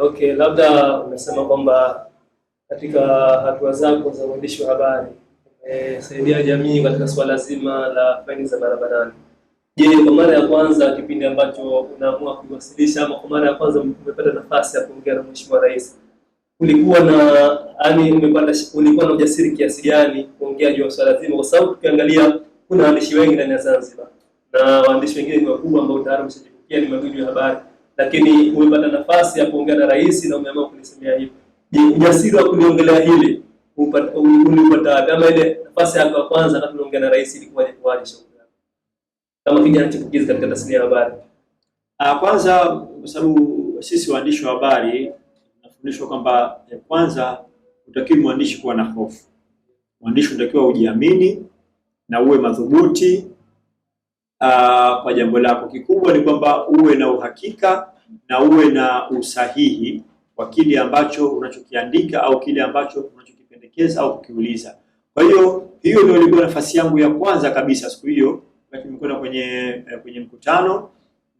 Okay, labda umesema kwamba katika hatua zako za uandishi wa habari umesaidia jamii katika suala zima la faini za barabarani. Je, kwa mara ya kwanza kipindi ambacho unaamua kuiwasilisha ama kwa mara ya kwanza umepata nafasi ya kuongea na Mheshimiwa Rais, ulikuwa na yani, umepata ulikuwa na ujasiri kiasi gani kuongea juu ya swala zima? Kwa sababu tukiangalia kuna waandishi wengi ndani ya Zanzibar na waandishi wengine ni wakubwa ambao tayari wameshajibukia ni magwiji ya habari lakini umepata nafasi ya kuongea na rais na umeamua kunisemea hivi. Je, ujasiri wa kuniongelea hili ulipata kama ile nafasi yako ya kwanza na kuongea na rais ilikuwaje kwaje yako? Kama kijana chipukizi katika tasnia ya habari. Ah, kwanza kwa sababu sisi waandishi wa habari tunafundishwa kwamba kwanza utakiwa mwandishi kuwa na hofu. Mwandishi unatakiwa ujiamini na uwe madhubuti Ah, kwa jambo lako. Kikubwa ni kwamba uwe na uhakika na uwe na usahihi wa kile ambacho unachokiandika au kile ambacho unachokipendekeza au kukiuliza. Kwa hiyo hiyo ndio ilikuwa nafasi yangu ya kwanza kabisa siku hiyo, wakati nimekwenda kwenye eh, kwenye mkutano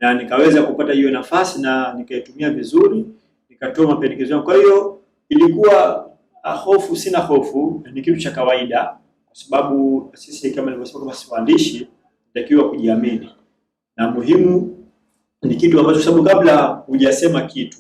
na nikaweza kupata hiyo nafasi na nikaitumia vizuri, nikatoa mapendekezo yangu. Kwa hiyo ilikuwa ah, hofu, sina hofu, ni kitu cha kawaida, kwa sababu sisi kama nilivyosema, kama si waandishi takiwa kujiamini na muhimu ni kitu ambacho, sababu kabla hujasema kitu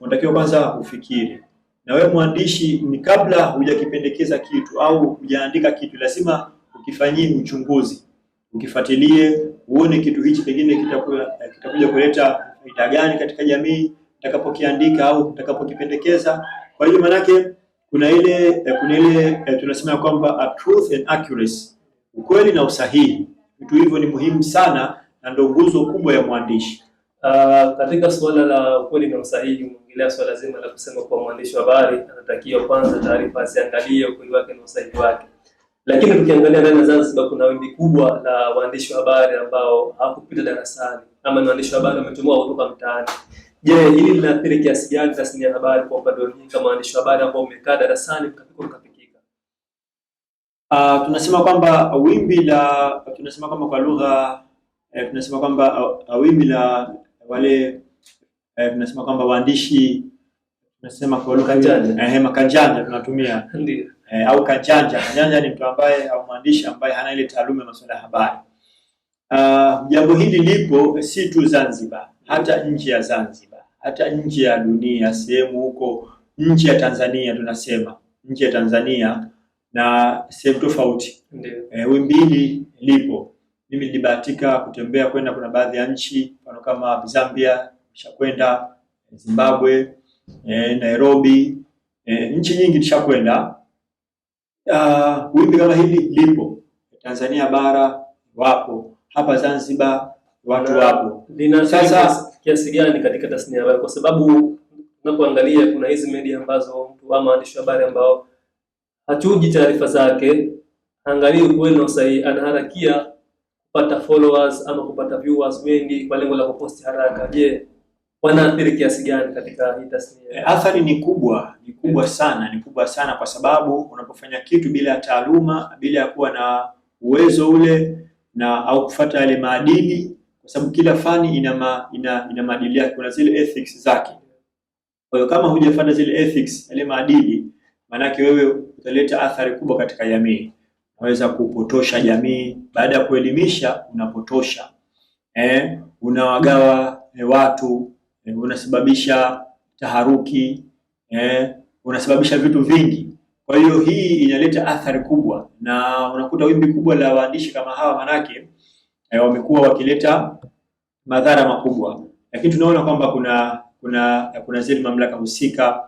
unatakiwa kwanza ufikiri, na wewe mwandishi, ni kabla hujakipendekeza kitu au hujaandika kitu, lazima ukifanyie uchunguzi, ukifuatilie, uone kitu hichi pengine kitakuja kuleta faida gani katika jamii utakapokiandika au utakapokipendekeza. Kwa hiyo manake kuna ile kuna ile tunasema kwamba a truth and accuracy, ukweli na usahihi Vitu hivyo ni muhimu sana na ndio nguzo kubwa ya mwandishi. Uh, katika suala la ukweli na usahihi umeongelea suala zima la kusema kwa mwandishi wa habari anatakiwa kwanza taarifa asiangalie ukweli wake na usahihi wake, lakini tukiangalia ndani ya Zanzibar kuna wimbi kubwa la waandishi wa habari ambao hawakupita darasani ama ni waandishi wa habari wametumwa kutoka mtaani. Je, hili linaathiri kiasi gani tasnia ya habari kwa upande wenu kama waandishi wa habari ambao umekaa darasani mkapika Uh, tunasema kwamba wimbi la tunasema kwamba kwa lugha eh, tunasema kwamba uh, wimbi la wale eh, tunasema kwamba waandishi tunasema kwa lugha eh, eh makanjanja tunatumia ndio eh, au kanjanja. Kanjanja ni mtu ambaye au mwandishi ambaye hana ile taaluma ya masuala ya habari. Uh, jambo hili lipo eh, si tu Zanzibar, hata nje ya Zanzibar, hata nje ya dunia, sehemu huko nje ya Tanzania, tunasema nje ya Tanzania na sehemu tofauti. E, wimbi hili lipo. Mimi nilibahatika kutembea kwenda, kuna baadhi ya nchi mfano kama Zambia nishakwenda, eh, Zimbabwe, e, Nairobi, e, nchi nyingi nishakwenda. Uh, ah, wimbi kama hili lipo Tanzania bara wapo, hapa Zanzibar watu wapo. Lina sasa kiasi gani katika tasnia yako? Kwa sababu unapoangalia kuna hizi media ambazo mtu ama waandishi wa habari ambao hachuji taarifa zake, angalie ukweli na usahihi, anaharakia kupata followers ama kupata viewers wengi kwa lengo la kuposti haraka. Je, wanaathiri kiasi gani katika hii tasnia? E, athari ni kubwa, ni kubwa e, sana, ni kubwa sana kwa sababu unapofanya kitu bila ya taaluma, bila ya kuwa na uwezo ule na au kufuata yale maadili, kwa sababu kila fani ina ma, ina, ina maadili yake, kuna zile ethics zake. Kwa hiyo kama hujafuata zile ethics, yale maadili maanake wewe utaleta athari kubwa katika jamii. Unaweza kupotosha jamii, baada ya kuelimisha unapotosha, eh, unawagawa eh, watu eh, unasababisha taharuki eh, unasababisha vitu vingi. Kwa hiyo hii inaleta athari kubwa, na unakuta wimbi kubwa la waandishi kama hawa manake eh, wamekuwa wakileta madhara makubwa, lakini tunaona kwamba kuna kuna kuna zile mamlaka husika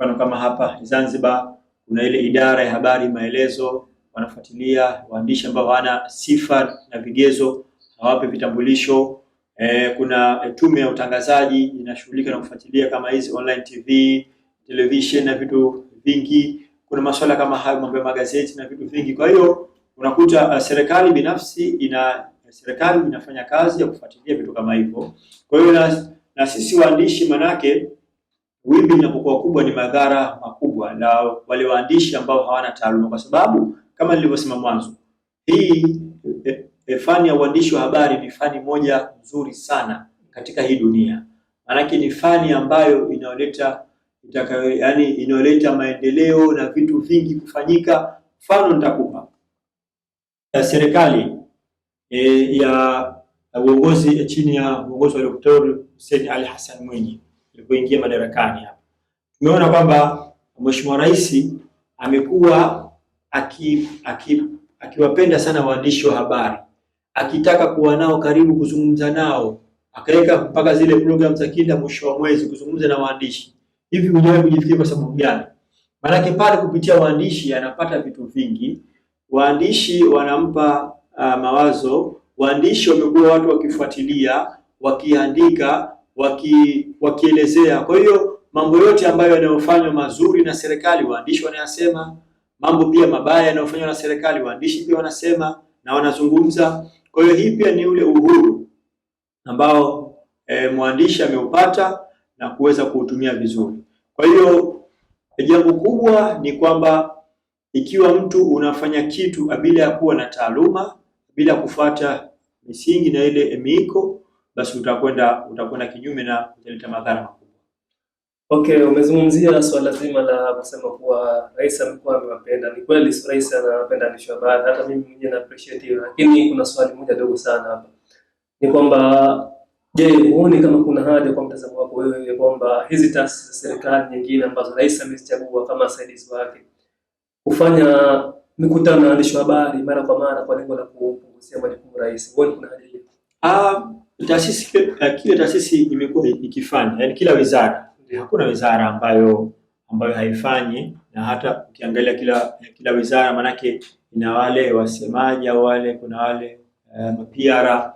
Mfano kama hapa Zanzibar kuna ile idara ya habari maelezo, wanafuatilia waandishi ambao hawana sifa na vigezo, hawape vitambulisho. E, kuna e, tume ya utangazaji inashughulika na kufuatilia kama hizi online TV, television na vitu vingi. Kuna masuala kama hayo, mambo ya magazeti na vitu vingi. Kwa hiyo unakuta uh, serikali binafsi ina serikali inafanya kazi ya kufuatilia vitu kama hivyo. Kwa hiyo na, na sisi waandishi manake wimbi linapokuwa kubwa ni madhara makubwa na wale waandishi ambao hawana taaluma, kwa sababu kama nilivyosema mwanzo, hii e, e, fani ya uandishi wa habari ni fani moja nzuri sana katika hii dunia, maanake ni fani ambayo inayoleta itakayo, yani inayoleta maendeleo na vitu vingi kufanyika. Mfano nitakupa ya serikali e, ya uongozi chini ya uongozi wa Daktari Hussein Ali Hassan Mwinyi tulipoingia madarakani hapa, tumeona kwamba Mheshimiwa Rais amekuwa akiwapenda aki, aki sana waandishi wa habari, akitaka kuwa nao karibu, kuzungumza nao, akaweka mpaka zile programu za kila mwisho wa mwezi kuzungumza na waandishi. Hivi hujawahi kujifikiri kwa sababu gani? Maanake pale kupitia waandishi anapata vitu vingi, waandishi wanampa uh, mawazo. Waandishi wamekuwa watu wakifuatilia, wakiandika waki, wakielezea. Kwa hiyo mambo yote ambayo yanayofanywa mazuri na serikali waandishi wanayasema, mambo pia mabaya yanayofanywa na serikali waandishi pia wanasema na wanazungumza. Kwa hiyo hii pia ni ule uhuru ambao e, mwandishi ameupata na kuweza kuutumia vizuri. Kwa hiyo jambo kubwa ni kwamba ikiwa mtu unafanya kitu bila ya kuwa na taaluma, bila kufuata misingi na ile miiko basi utakwenda utakwenda kinyume na utaleta madhara makubwa. Okay, umezungumzia swala zima la kusema kuwa rais amekuwa amewapenda. Ni kweli rais anawapenda waandishi wa habari, hata mimi mwenyewe na appreciate hiyo, lakini kuna swali moja dogo sana hapa, ni kwamba je, huoni kama kuna haja kwa mtazamo wako wewe kwamba hizi taasisi za serikali nyingine ambazo rais amezichagua kama saidizi wake kufanya mikutano na waandishi wa habari mara kwa mara kwa lengo la kupunguzia majukumu rais? Huoni kuna haja hiyo? Ah, taasisi uh, taasisi imekuwa ikifanya, yani kila wizara, hakuna wizara ambayo ambayo haifanyi, na hata ukiangalia kila kila wizara manake ina wale wasemaji au wale kuna wale uh, eh, mapiara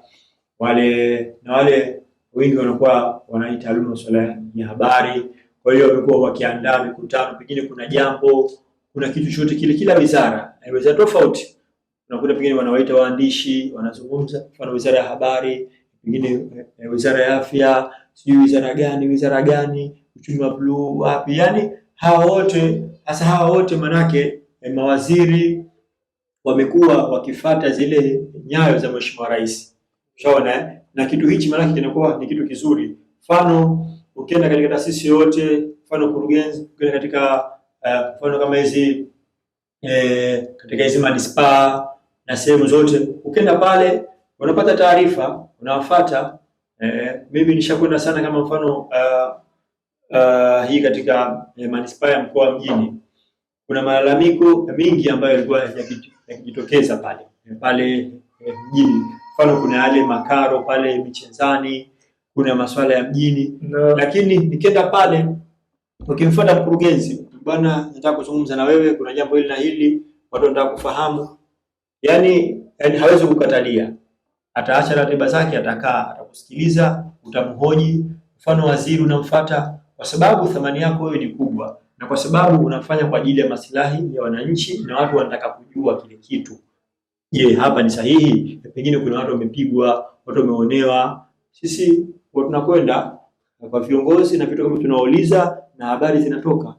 wale na wale wengi wanakuwa wanajitaaluma masuala ya habari. Kwa hiyo wamekuwa wakiandaa mikutano, pengine kuna jambo, kuna kitu chochote kile, kila wizara wizara tofauti unakuta pengine wanawaita waandishi wanazungumza, mfano wizara ya habari, pengine eh, wizara ya afya, sijui wizara gani, wizara gani, uchumi wa bluu wapi, yani hawa wote hasa hawa wote manake eh, mawaziri wamekuwa wakifata zile nyayo za mheshimiwa rais, ushaona. Eh? Na kitu hichi manake kinakuwa ni kitu kizuri. Mfano ukienda katika taasisi yoyote, mfano kurugenzi, ukienda katika eh, mfano uh, kama hizi eh, katika hizi manispaa na sehemu zote. Ukienda pale unapata taarifa, unawafuata. Eh, mimi nishakwenda sana kama mfano uh, uh, hii katika eh, manispaa ya mkoa mjini kuna malalamiko mingi ambayo yalikuwa yakijitokeza pale eh, pale eh, mjini. Mfano kuna yale makaro pale michezani, kuna masuala ya mjini no. Lakini nikienda pale, ukimfuata mkurugenzi, bwana, nataka kuzungumza na wewe, kuna jambo hili na hili, watu wanataka kufahamu yani, yani hawezi kukatalia, ataacha ratiba zake, atakaa, atakusikiliza, utamhoji. Mfano waziri unamfuata kwa sababu thamani yako wewe ni kubwa, na kwa sababu unafanya kwa ajili ya maslahi ya wananchi na watu wanataka kujua kile kitu. Je, hapa ni sahihi? Pengine kuna watu wamepigwa, watu wameonewa. Sisi tunakwenda kwa viongozi na vitu kama tunauliza, na habari zinatoka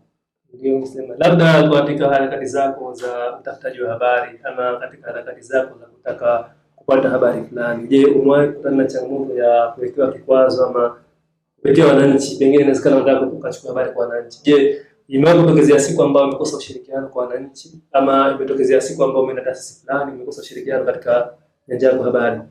ndio Ungesema labda katika harakati zako za utafutaji wa habari ama katika harakati zako za kutaka kupata habari fulani, je, umewahi kukutana na changamoto ya kuwekewa kikwazo ama kuwekewa wananchi? Pengine inawezekana unataka ukachukua habari kwa wananchi. Je, imewahi kutokezea siku ambayo umekosa ushirikiano kwa wananchi ama imetokezea siku ambayo umeenda taasisi fulani umekosa ushirikiano katika nyanja yako habari?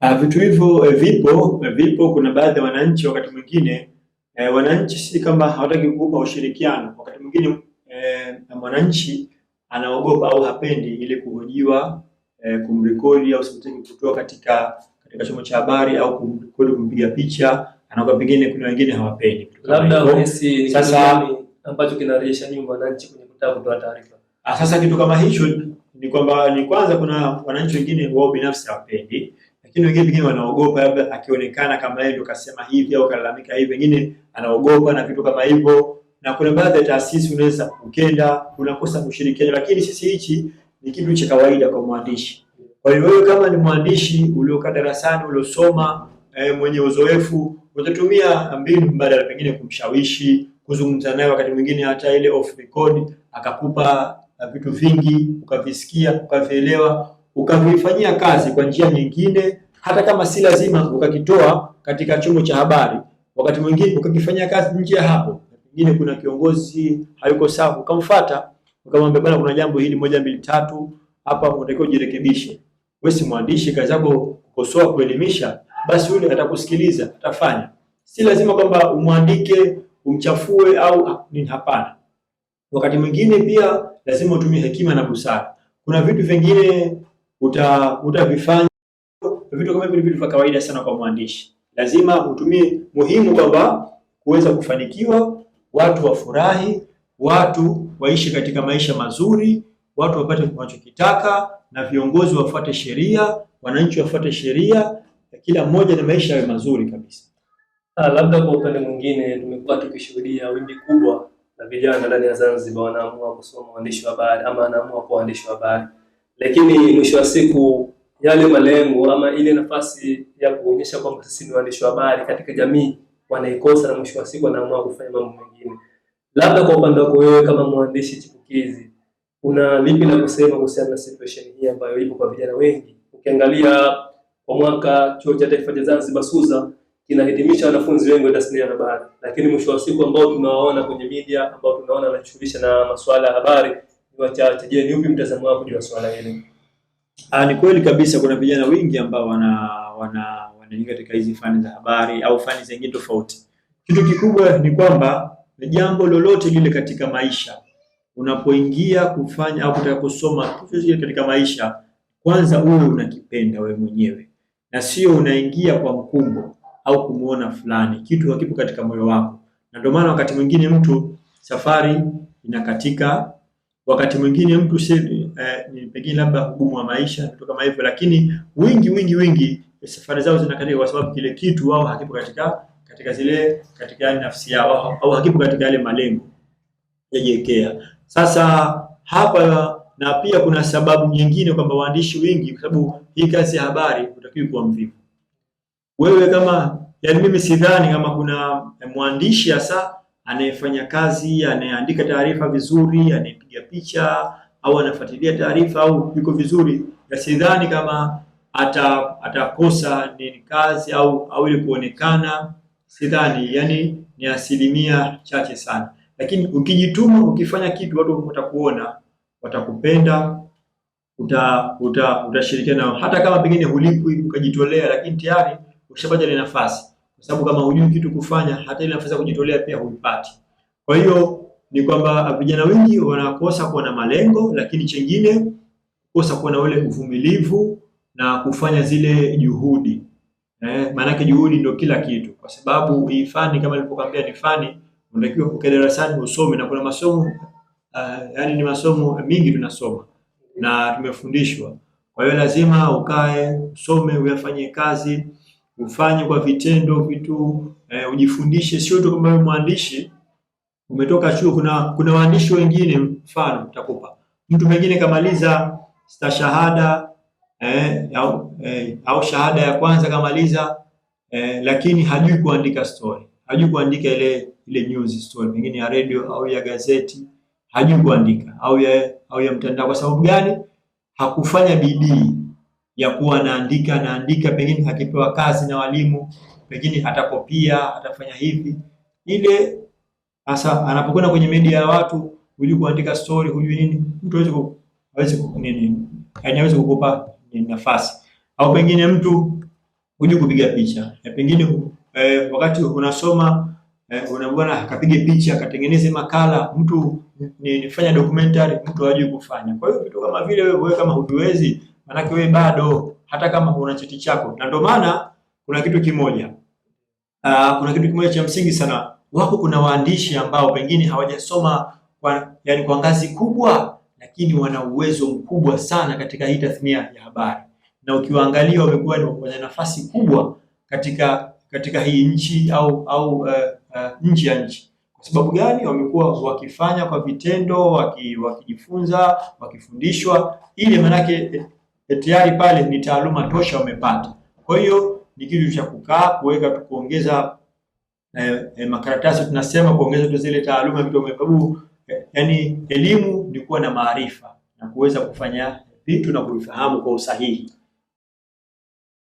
Ah, vitu hivyo eh, vipo, vipo. Kuna baadhi ya wananchi wakati mwingine E, wananchi si kama hawataki kukupa ushirikiano. Wakati mwingine e, mwananchi anaogopa au hapendi ile kuhojiwa e, kumrekodi au sitaki kutoa katika katika chombo cha habari au kumrekodi kumpiga picha, anaogopa. Pengine kuna wengine hawapendi, labda unahisi sasa ambacho kinarejesha nyuma wananchi kwenye kutaka kutoa taarifa. Ah, sasa kitu kama hicho ni kwamba ni kwanza, kuna wananchi wengine wao binafsi hawapendi, lakini wengine wengine wanaogopa, labda akionekana kama yeye ndio kasema hivi au kalalamika hivi, wengine anaogopa na vitu kama hivyo, na kuna baadhi ya taasisi unaweza ukenda unakosa kushirikiana, lakini sisi hichi ni kitu cha kawaida kwa mwandishi. Kwa hiyo wewe kama ni mwandishi uliokaa darasani uliosoma, e, mwenye uzoefu utatumia mbinu mbadala, pengine kumshawishi, kuzungumza naye, wakati mwingine hata ile off record akakupa eh, vitu vingi ukavisikia, ukavielewa, ukavifanyia kazi kwa njia nyingine, hata kama si lazima ukakitoa katika chombo cha habari. Wakati mwingine ukakifanyia kazi nje ya hapo, pengine kuna kiongozi hayuko sawa, ukamfuata ukamwambia, bwana, kuna jambo hili moja mbili tatu hapa, unatakiwa ujirekebishe. Wewe si mwandishi, kazi yako kukosoa, kuelimisha, basi yule atakusikiliza, atafanya. Si lazima kwamba umwandike umchafue au ah, nini, hapana. Wakati mwingine pia lazima utumie hekima na busara. Kuna vitu vingine utavifanya uta vitu kama hivi ni vitu vya kawaida sana kwa mwandishi lazima utumie muhimu kwamba kuweza kufanikiwa, watu wafurahi, watu waishi katika maisha mazuri, watu wapate wanachokitaka, na viongozi wafuate sheria, wananchi wafuate sheria, kila mmoja na maisha yawe mazuri kabisa. Ha, ah, labda kwa upande mwingine tumekuwa tukishuhudia wimbi kubwa la vijana ndani ya Zanzibar wanaamua kusoma uandishi wa habari ama wanaamua kuwa waandishi wa habari, lakini mwisho wa siku yale malengo ama ile nafasi ya kuonyesha kwamba sisi ni waandishi wa habari katika jamii wanaikosa, na mwisho wa siku wanaamua kufanya mambo mengine. Labda kwa upande wako wewe kama mwandishi chipukizi, una lipi la kusema kuhusiana na situation hii ambayo ipo kwa vijana wengi? Ukiangalia kwa mwaka chuo cha taifa cha Zanzibar SUZA kinahitimisha wanafunzi wengi wa tasnia ya habari, lakini mwisho wa siku ambao tunawaona kwenye media ambao tunaona wanajishughulisha na masuala ya habari ni wachache. Je, ni upi mtazamo wako juu ya swala hili? Ah, ni kweli kabisa kuna vijana wengi ambao wana wana wanaingia katika hizi fani za habari au fani zingine tofauti. Kitu kikubwa ni kwamba jambo lolote lile katika maisha unapoingia kufanya au kutaka kusoma katika maisha, kwanza uwe unakipenda wewe mwenyewe na sio unaingia kwa mkumbo au kumuona fulani. Kitu hakipo katika moyo wako, na ndio maana wakati mwingine mtu safari inakatika, wakati mwingine mtu eh, pengine labda ugumu wa maisha vitu kama hivyo, lakini wingi wingi wingi safari zao zinakatika kwa sababu kile kitu wao hakipo katika katika zile katika nafsi yao au hakipo katika yale malengo yajiwekea. Sasa hapa na pia kuna sababu nyingine kwamba waandishi wengi, kwa sababu hii kazi ya habari utakiwa kuwa mvivu wewe kama yani, mimi sidhani kama kuna eh, mwandishi hasa anayefanya kazi anayeandika taarifa vizuri anayepiga picha au anafuatilia taarifa au yuko vizuri, na sidhani kama ata atakosa nini kazi au au ile kuonekana, sidhani. Yani ni asilimia chache sana, lakini ukijituma, ukifanya kitu, watu watakuona, watakupenda, uta utashirikiana nao, hata kama pengine hulipwi, ukajitolea, lakini tayari ushapata ile nafasi, kwa sababu kama hujui kitu kufanya, hata ile nafasi ya kujitolea pia huipati. Kwa hiyo ni kwamba vijana wengi wanakosa kuwa na malengo, lakini chengine kukosa kuwa na ule uvumilivu na kufanya zile juhudi eh, maanake juhudi ndio kila kitu, kwa sababu hii fani kama nilipokuambia ni fani, unatakiwa kukaa darasani usome, na kuna masomo uh, eh, yani ni masomo mingi tunasoma na tumefundishwa. Kwa hiyo lazima ukae usome, uyafanye kazi, ufanye kwa vitendo vitu eh, ujifundishe, sio tu kama mwandishi umetoka chuo, kuna kuna waandishi wengine, mfano mtakupa mtu mwingine kamaliza stashahada eh, au, eh, au shahada ya kwanza kamaliza eh, lakini hajui kuandika story, hajui kuandika ile ile news story pengine ya radio au ya gazeti, hajui kuandika au ya au ya mtandao. Kwa sababu gani? Hakufanya bidii ya kuwa anaandika anaandika, pengine akipewa kazi na walimu, pengine atakopia atafanya hivi ile sasa anapokwenda kwenye media ya watu, hujui kuandika story, hujui nini, mtu hawezi hawezi nini, yaani hawezi kukupa nafasi. Au pengine mtu hujui kupiga picha, ya pengine eh, wakati unasoma eh, unaona akapige picha, akatengeneze makala, mtu ni nifanya documentary, mtu hajui kufanya. Kwa hiyo vitu kama vile wewe kama hujiwezi, manake wewe bado hata kama una cheti chako, na ndio maana kuna kitu kimoja uh, kuna kitu kimoja cha msingi sana wako kuna waandishi ambao pengine hawajasoma kwa, yani kwa ngazi kubwa, lakini wana uwezo mkubwa sana katika hii tathnia ya habari, na ukiwaangalia wamekuwa ni nafasi kubwa katika katika hii nchi au au uh, uh, nchi ya nchi. Kwa sababu gani? Wamekuwa wakifanya kwa vitendo, waki, wakijifunza, wakifundishwa, ili manake eh, tayari pale ni taaluma tosha wamepata. Kwa hiyo ni kitu cha kukaa kuweka, kuongeza eh, eh, makaratasi tunasema kuongeza tu zile taaluma vitu umefahamu. Eh, yani elimu ni kuwa na maarifa na kuweza kufanya vitu na kuvifahamu kwa usahihi.